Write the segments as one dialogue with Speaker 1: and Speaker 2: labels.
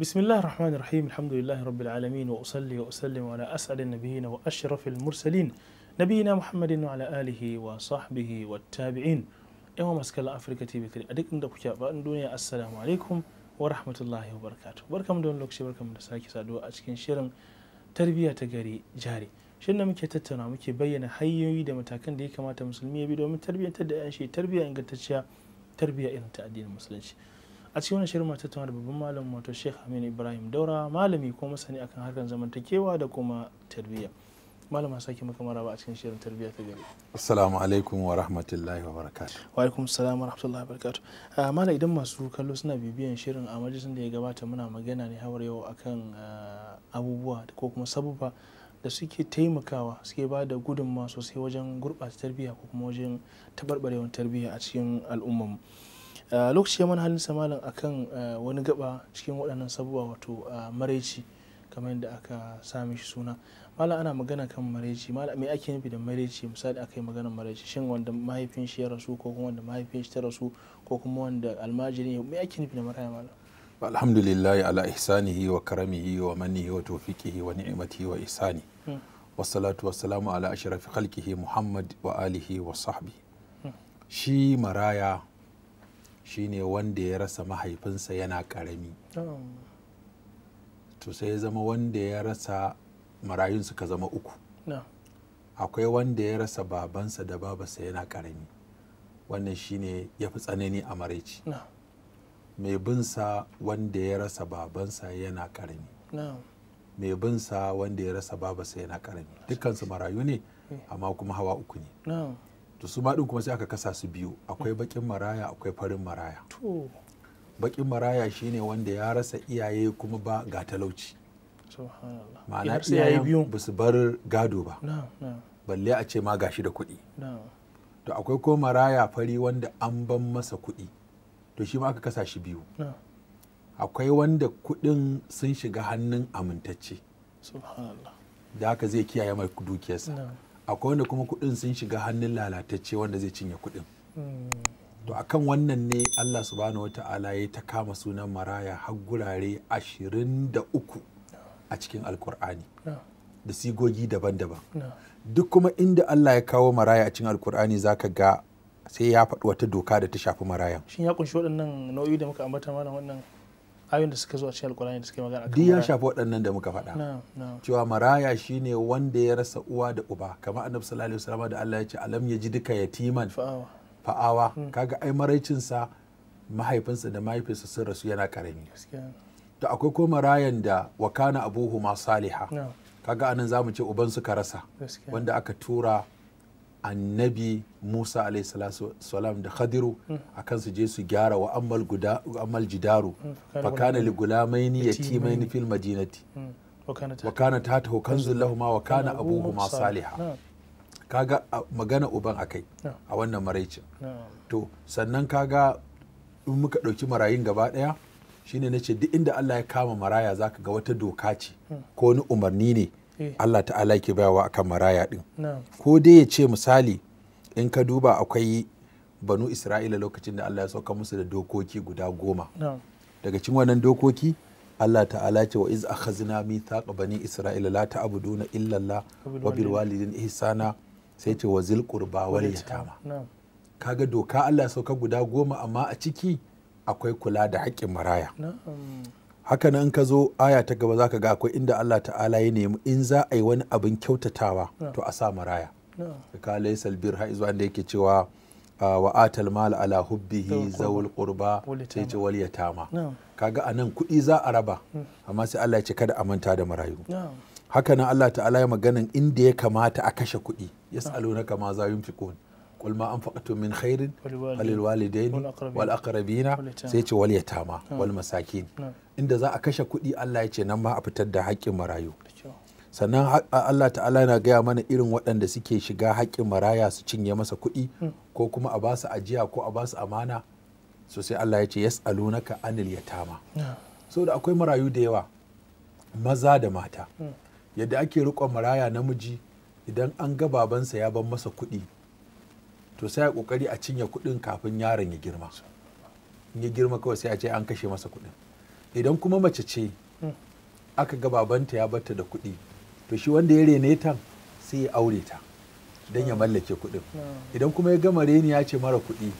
Speaker 1: بسم الله الرحمن الرحيم الحمد لله رب العالمين وأصلي وأسلم على أسعد النبيين وأشرف المرسلين نبينا محمد وعلى آله وصحبه والتابعين يوم الله أفريقيا تي بكري أدك ندك بأن دنيا السلام عليكم ورحمة الله وبركاته بركم دون لوكشي بركم دساكي سادوا أشكين شيرن تربية تجاري جاري شنو da muke tattauna muke bayyana hanyoyi da matakan da ya kamata musulmi ya تربية تدعي tarbiyyantar da 'yan shi tarbiyya ingantacciya tarbiyya a cikin wani shirin mata da babban malam wato sheikh aminu ibrahim daura malami ko masani akan harkar zamantakewa da kuma tarbiyya malama sake maka maraba a cikin shirin tarbiyya ta gari
Speaker 2: assalamu alaikum wa rahmatullahi wa barakatuh wa
Speaker 1: alaikum assalam wa rahmatullahi wa barakatuh ah, malam idan masu kallo suna bibiyan shirin a majalisun da ya gabata muna magana ne har yau akan ah, abubuwa ko kuma sabuba da suke taimakawa suke ba da gudunmawa sosai wajen gurɓata tarbiyya ko kuma wajen taɓarɓarewar tarbiyya a cikin al'ummarmu Eh, lokaci ya mana halin a akan eh, wani gaba cikin waɗannan sabuwa wato eh, maraici kamar yadda aka sami shi suna malam ana magana kan maraici malam me ake nufi da maraici misali aka yi magana maraici shin wanda mahaifin shi ya rasu ko kuma wanda mahaifin shi ta rasu ko kuma wanda almajiri ne me ake nufi da maraya malam
Speaker 2: alhamdulillah ala ihsanihi wa karamihi wa manihi wa tawfiqihi wa ni'matihi wa ihsani hmm. wassalatu wassalamu ala ashrafi khalqihi muhammad wa alihi wa sahbi hmm. shi maraya shine wanda ya rasa mahaifinsa yana karami oh. to sai ya zama wanda ya rasa marayun suka zama uku akwai wanda ya rasa babansa da babarsa yana karami wannan shine ya fi tsanani a maraici mai binsa wanda ya rasa babansa yana karami mai binsa wanda ya rasa babarsa yana karami dukansu marayu ne amma kuma hawa uku ne to su ma din kuma sai aka kasa su biyu akwai bakin maraya akwai farin maraya to bakin maraya shine wanda ya rasa iyaye kuma ba ga talauci ma'ana iyaye biyu ba su bar gado ba balle a ce ma gashi da kuɗi to akwai ko maraya fari wanda an ban masa kuɗi to shi ma aka kasa shi biyu akwai wanda kuɗin sun shiga hannun amintacce da haka zai kiyaye mai dukiyarsa akwai wanda kuma kudin sun shiga hannun lalatacce wanda zai cinye kudin hmm. to akan wannan ne allah subhanahu wata'ala ya ta kama sunan maraya har gurare ashirin da uku a cikin alkur'ani da sigogi daban-daban duk kuma inda allah ya kawo maraya a cikin alkur'ani zaka ga sai ya faɗi wata doka da ta shafi maraya
Speaker 1: shin ya kunshi waɗannan nau'i da muka ambata mana wannan ayoyin da suka zo a cikin alkurani da suke magana akan ya shafi
Speaker 2: waɗannan da muka faɗa cewa maraya shine wanda ya rasa uwa da uba kamar annabi sallallahu alaihi wasallam da Allah ya ce alam yaji duka yatiman fa'awa hmm. kaga ai maraicin sa mahaifinsa da mahaifinsa sun rasu yana karami to akwai ko marayan da wakana abuhu ma saliha kaga anan zamu ce uban suka rasa wanda aka tura annabi musa salam da khadiru hmm. a kan su je su gyara wa ammal jidaru hmm. fakana li gulamaini yatimaini fil madinati
Speaker 1: hmm. wa kana tatahu kanzul lahuma wa kana abuhuma saliha
Speaker 2: kaga magana uban akai a wannan maraicin to sannan kaga in muka ɗauki marayun gaba ɗaya shine na ce duk inda Allah ya kama maraya zaka ga wata doka ce ko wani umarni ne Eh. Allah ta'ala ke bayawa akan maraya din ko dai ya ce misali in ka duba akwai banu isra'ila lokacin da Allah ya sauka musu da dokoki guda goma daga cikin wannan dokoki Allah ta'ala ce wa iz akhazna mithaqa bani isra'ila la ta'buduna illa Allah wa bil walidin ihsana sai ce wa zil qurba wal yatama kaga doka Allah ya sauka guda goma amma a ciki akwai kula da haƙƙin maraya haka nan ka zo aya ta gaba zaka ga akwai inda Allah ta'ala ya nemi in za a yi wani abin kyautatawa to a sa maraya ka laisal birha izuwa da yake cewa ah, wa atal mal ala hubbihi zawul qurba sai ce wal yatama kaga anan kuɗi za a raba mm. amma sai Allah ya ce kada a manta da marayu haka nan Allah ta'ala ya maganan inda ya kamata a kashe kuɗi yas'alunaka ma za yunfiqun qul ma anfaqtum min khairin falil walidaini wal aqrabina sai ce wal yatama wal masakin inda za a kashe kuɗi Allah ya ce nan ma a fitar da haƙƙin marayu sannan Allah ta'ala yana gaya mana irin waɗanda suke shiga haƙƙin maraya su cinye masa kuɗi ko kuma a basu ajiya ko a basu amana so sai Allah ya ce yas'alunaka anil yatama da akwai marayu da yawa maza da mata yadda ake riƙon maraya namiji idan an ga babansa ya ban masa kuɗi to sai a kokari a cinye kuɗin kafin yaron ya girma in ya girma kawai sai a ce an kashe masa kuɗin idan kuma mace ce aka ga babanta ya bata da kuɗi to shi wanda ya rene ta sai ya aure ta don ya mallake kuɗin idan kuma ya gama reni ya ce mara kuɗi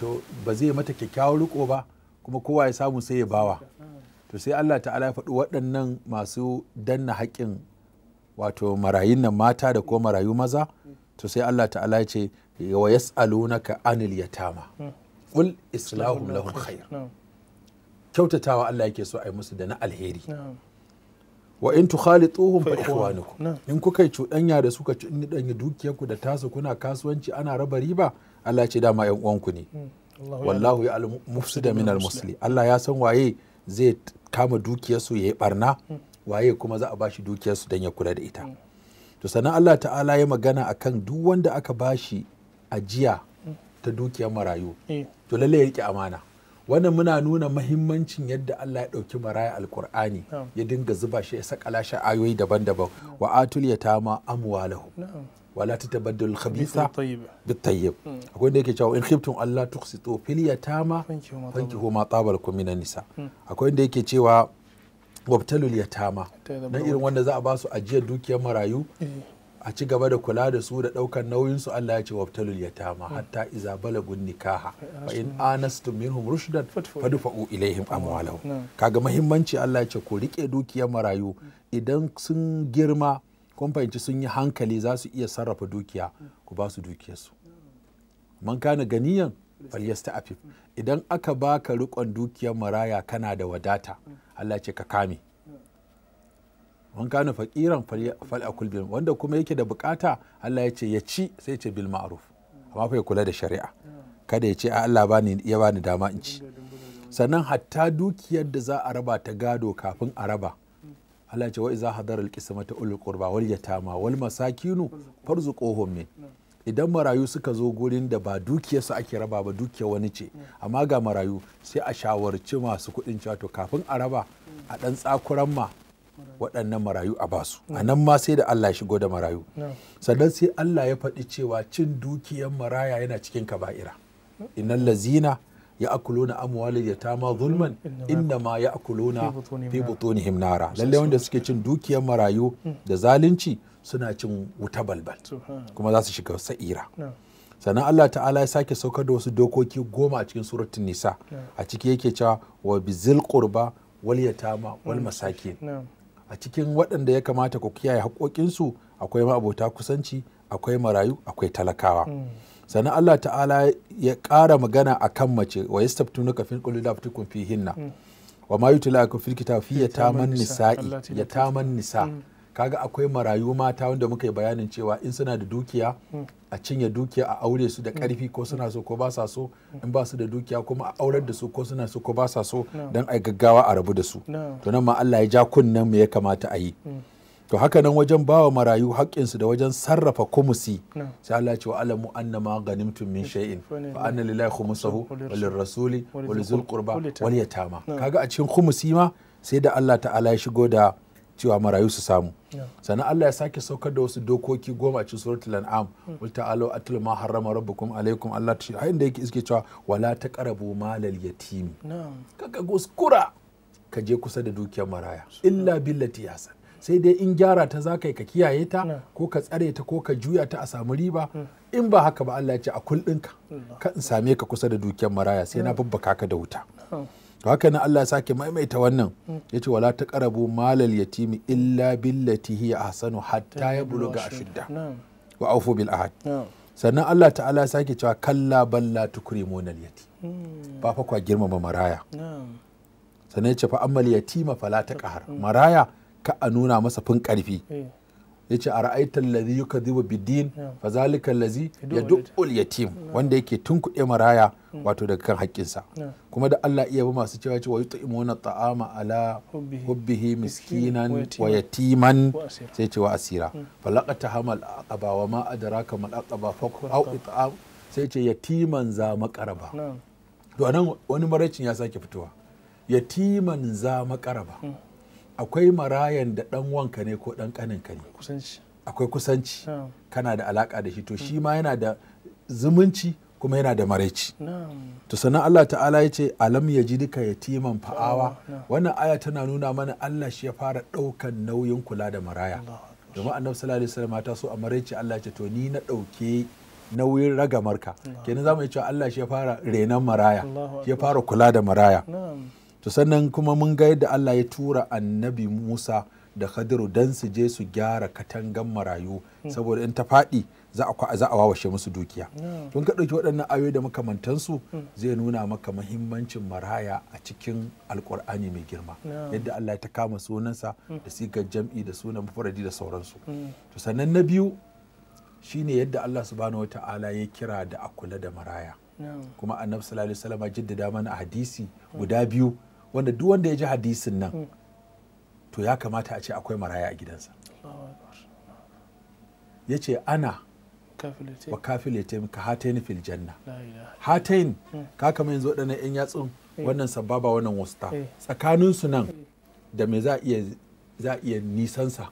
Speaker 2: to ba zai mata kyakkyawar riko ba kuma kowa ya samu sai ya bawa to sai Allah ta'ala ya faɗi waɗannan masu danna haƙƙin wato marayun nan mata da ko marayu maza to sai Allah ta'ala ya ce wa yas'alunaka anil yatama hmm. qul islahum lahum khair kyautatawa Allah yake so a yi musu da na alheri wa in tukhalituhum bi ikhwanikum in kuka yi cuɗanya da suka ci ni danyi dukiyarku da tasu kuna kasuwanci ana raba riba Allah ce dama yan uwanku ne hmm. wallahu ya mufsida min al musli Allah ya san waye zai kama dukiyarsu yayi barna hmm. waye kuma za a bashi dukiyarsu dan ya kula da ita to sannan Allah ta'ala ya magana akan duk wanda aka bashi ajiya ta dukiyar marayu eh. to lalle ya rike amana wannan muna nuna mahimmancin yadda Allah ya dauki maraya alkur'ani ya dinga zuba shi ya saka lashe ayoyi daban-daban wa atul yatama amwalahu wala tatabaddalu al-khabitha bit-tayyib hmm. akwai da yake cewa in khiftum Allah tuksitu fil yatama fankihu ma tabalakum minan nisa hmm. akwai da yake cewa wabtalul yatama na irin wanda za a ba su ajiyar dukiyar marayu eh. a ci gaba da kula da su da ɗaukar nauyinsu Allah ya ce ya yatama hmm. hatta iza balagun nikaha fa in anastum minhum rushdan fadfa'u ilaihim amwalahu kaga muhimmanci Allah ya ce ku rike dukiyar marayu idan sun girma kun fahimci sun yi hankali za su iya sarrafa dukiya ku ba su dukiyarsu man kana ganiyan falyasta afif idan aka baka rikon dukiyar maraya kana da wadata hmm. Allah ce ka kame wan kana faqiran fal'a bil wanda kuma yake da bukata Allah ya ce ya ci sai ya ce bil ma'ruf amma fa ya kula da shari'a kada ya ce a Allah ni, ya bani dama in ci sannan hatta dukiyar da za a raba ta gado kafin a raba Allah ya ce wa iza hadara alqismata ulul qurba wal yatama wal masakinu farzuquhum min idan marayu suka zo gurin da ba dukiyarsu ake raba ba dukiyar wani ce amma ga marayu sai a shawarci masu kuɗin cewa to kafin a raba a ɗan tsakuran ma waɗannan marayu a basu a nan ma sai da Allah ya shigo da marayu sannan sai Allah ya faɗi cewa cin dukiyan maraya yana cikin kaba'ira innal lazina ya ya ta ma zulman inna ma ya na fi butoni nara lalle wanda suke cin dukiyan marayu hmm. da zalunci suna cin wuta balbal kuma za su shiga sa'ira sannan Allah ta'ala ya sake saukar da wasu dokoki goma a cikin suratun nisa a ciki yake cewa wa bizil qurba wal yatama wal masakin a cikin waɗanda ya kamata ku kiyaye haƙoƙinsu akwai ma'abota kusanci akwai marayu akwai talakawa hmm. sannan Allah ta'ala ya ƙara magana a kan mace wa yastabtuna kafin qul la tukun fihinna mm. wa ma yutla ka fil kitab fi ya nisa'i nisa' hmm. kaga akwai marayu mata wanda muka yi bayanin cewa in suna da dukiya a cinye dukiya a aure su da karfi ko suna so ko ba so in ba su da dukiya kuma a aurar da su ko suna so ko ba so don a gaggawa a rabu da su to nan ma Allah ya ja kunnen mu ya kamata a yi mm. to haka nan wajen bawa marayu su da wajen sarrafa kumusi sai Allah ce wa alamu anna ganimtum min shay'in fa anna lillahi khumsahu wa lirrasuli wa lizul qurba wal yatama kaga a cikin kumusi ma sai da Allah ta'ala ya shigo da cewa marayu su samu sannan Allah ya sake saukar da wasu dokoki goma a cikin suratul an'am wal hmm. ta'alu atul ma harrama rabbukum alaikum Allah ta shi da yake iske cewa wala taqrabu malal yatim kaka kuskura ka je kusa da dukiyar maraya illa billati yasan sai dai in gyara ta zaka ka yi ka kiyaye ta ko ka tsare ta ko ka juya ta a samu riba hmm. in ba haka ba Allah ya ce a kullun ka in same ka kusa da dukiyar maraya sai na babbaka ka da wuta haka nan Allah ya sake maimaita wannan ya ce wala karabu malal yatimi illa billati hiya ahsanu hatta yabluga
Speaker 1: ashidda
Speaker 2: wa aufu bil ahad sannan Allah ta'ala ya sake cewa kalla balla tukrimuna al yati hmm. ba fa kwa girmama maraya sannan ya ce fa ammal yatima fala qahar hmm. maraya ka a nuna masa fin karfi eh. yace ra'aitar allazi zuba biddin fa zalika ya yad'ul yatim wanda yake tun kuɗe maraya mm. wato daga kan haƙƙinsa kuma da Allah iya ba masu cewa cewa yut'imuna ta'ama ala hubbihi miskinan wa yatiman sai cewa asira mm. ta hamal aqaba wa ma adraka mal aqaba fa au it'am sai ce yatiman za makaraba to anan wani maraicin ya sake fitowa yatiman za makaraba mm. akwai marayan da dan wanka ne ko ɗan ka ne akwai kusanci kana da alaka da shi to shi mm. ma yana da zumunci kuma yana da maraici to sannan Allah ta'ala ya ce alam ya ji duka yatiman fa'awa oh, wannan aya tana nuna mana Allah shi ya fara daukan nauyin kula da maraya domin annabi sallallahu alaihi wasallam ta so a maraici Allah ce to ni na dauke nauyin ragamarka kenan zamu yi cewa Allah shi ya fara renan maraya shi ya fara kula da maraya to sannan kuma mun ga yadda Allah ya tura annabi Musa da Khadiru dan su je su gyara katangan marayu saboda in ta faɗi za a za a wawashe musu dukiya tun ka ɗauki waɗannan ayoyi da makamantansu zai nuna maka mahimmancin maraya a cikin alkur'ani mai girma yadda Allah ya ta kama sunansa da sigar jam'i da sunan mufradi da sauransu to sannan na biyu shine yadda Allah subhanahu wata'ala ya kira da a kula da maraya kuma annabi sallallahu alaihi wasallam jaddada mana hadisi guda biyu wanda duk wanda ya ji hadisin nan to ya kamata a ce akwai maraya a gidansa ya ce ana wa kafilete ka hatayin fil janna hatain hmm. ka kama yanzu waɗannan yan yatsun eh. wannan sababa wannan wasta eh. tsakaninsu nan eh. da mai za iya iya nisansa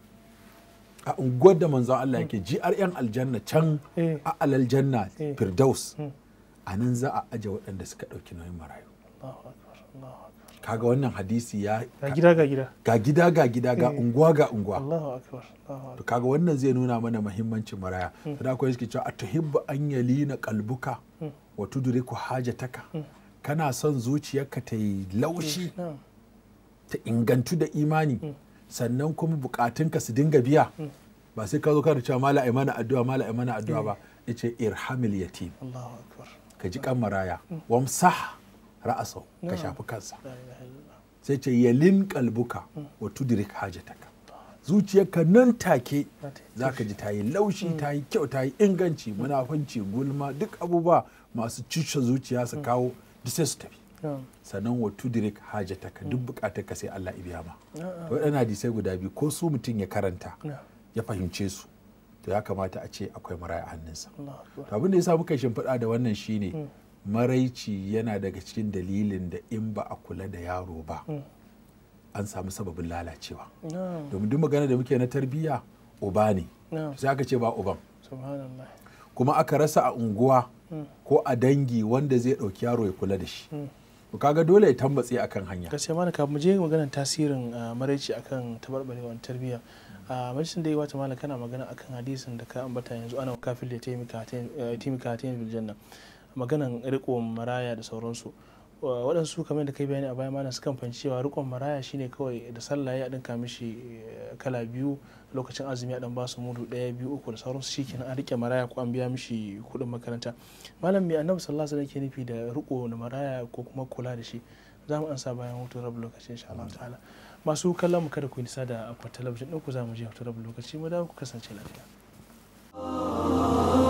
Speaker 2: a unguwar da manzon Allah hmm. yake GRN aljanna can a alaljanna firdaus hmm. a nan za a aje waɗanda suka ɗauki nauyin marayu kaga wannan hadisi ya ga gida ga gida ga eh. unguwa ga unguwa to kaga wannan zai nuna mana muhimmancin maraya hmm. da akwai yake cewa atuhibbu an na kalbuka hmm. wa tudriku hajataka hmm. kana son zuciyarka ta yi laushi ta ingantu da imani sannan kuma bukatunka su dinga biya ba sai ka zo ka cewa mala ai mana addu'a mala addu'a ba yace irhamil yatim Allahu akbar ka ji kan maraya wamsah ra'asau ka shafi kansa sai ce yalin kalbuka hmm. wa tudrik hajataka zuciyarka nan take za ka ji ta yi laushi hmm. ta yi kyau ta yi inganci munafanci gulma duk abubuwa masu cushe zuciya su hmm. kawo duk sai su tafi sannan wa tudrik hajataka duk bukatar ka sai Allah ibiya ma waɗannan sai guda biyu ko su mutum ya karanta ya fahimce su to ya kamata a ce akwai maraya a hannunsa to abin da ya sa muka shimfiɗa da wannan shine maraici yana daga cikin dalilin da in ba a kula da yaro ba mm. an samu sababin lalacewa mm. domin duk magana da muke na tarbiyya uba ne mm. sai aka ce ba uban kuma aka rasa a unguwa ko a dangi wanda zai ɗauki yaro ya kula da shi kaga dole ya tambatse akan hanya gaskiya mana ka muje magana tasirin ah, maraici akan tabarbarewar tarbiyya a ah, majalisar da
Speaker 1: wata mala kana magana akan hadisin da ka ambata yanzu ana kafin da ya taimaka ta eh, yin maganan rikon maraya da sauransu waɗansu kamar da kai bayani a baya malam sukan fahimci cewa rikon maraya shine kawai da sallah ya dinka mishi eh, kala biyu lokacin azumi a dan basu mudu ɗaya biyu uku da sauransu shikenan an rike maraya ko an biya mishi kuɗin makaranta malam mai annabi sallallahu alaihi wasallam ke nufi da riko na maraya ko kuma kula da shi za mu ansa bayan hutun rabu lokacin insha Allah ta'ala masu kallon mu kada ku nisa da akwai talabijin ɗin ku za mu je hutun rabu lokaci mu da ku kasance lafiya.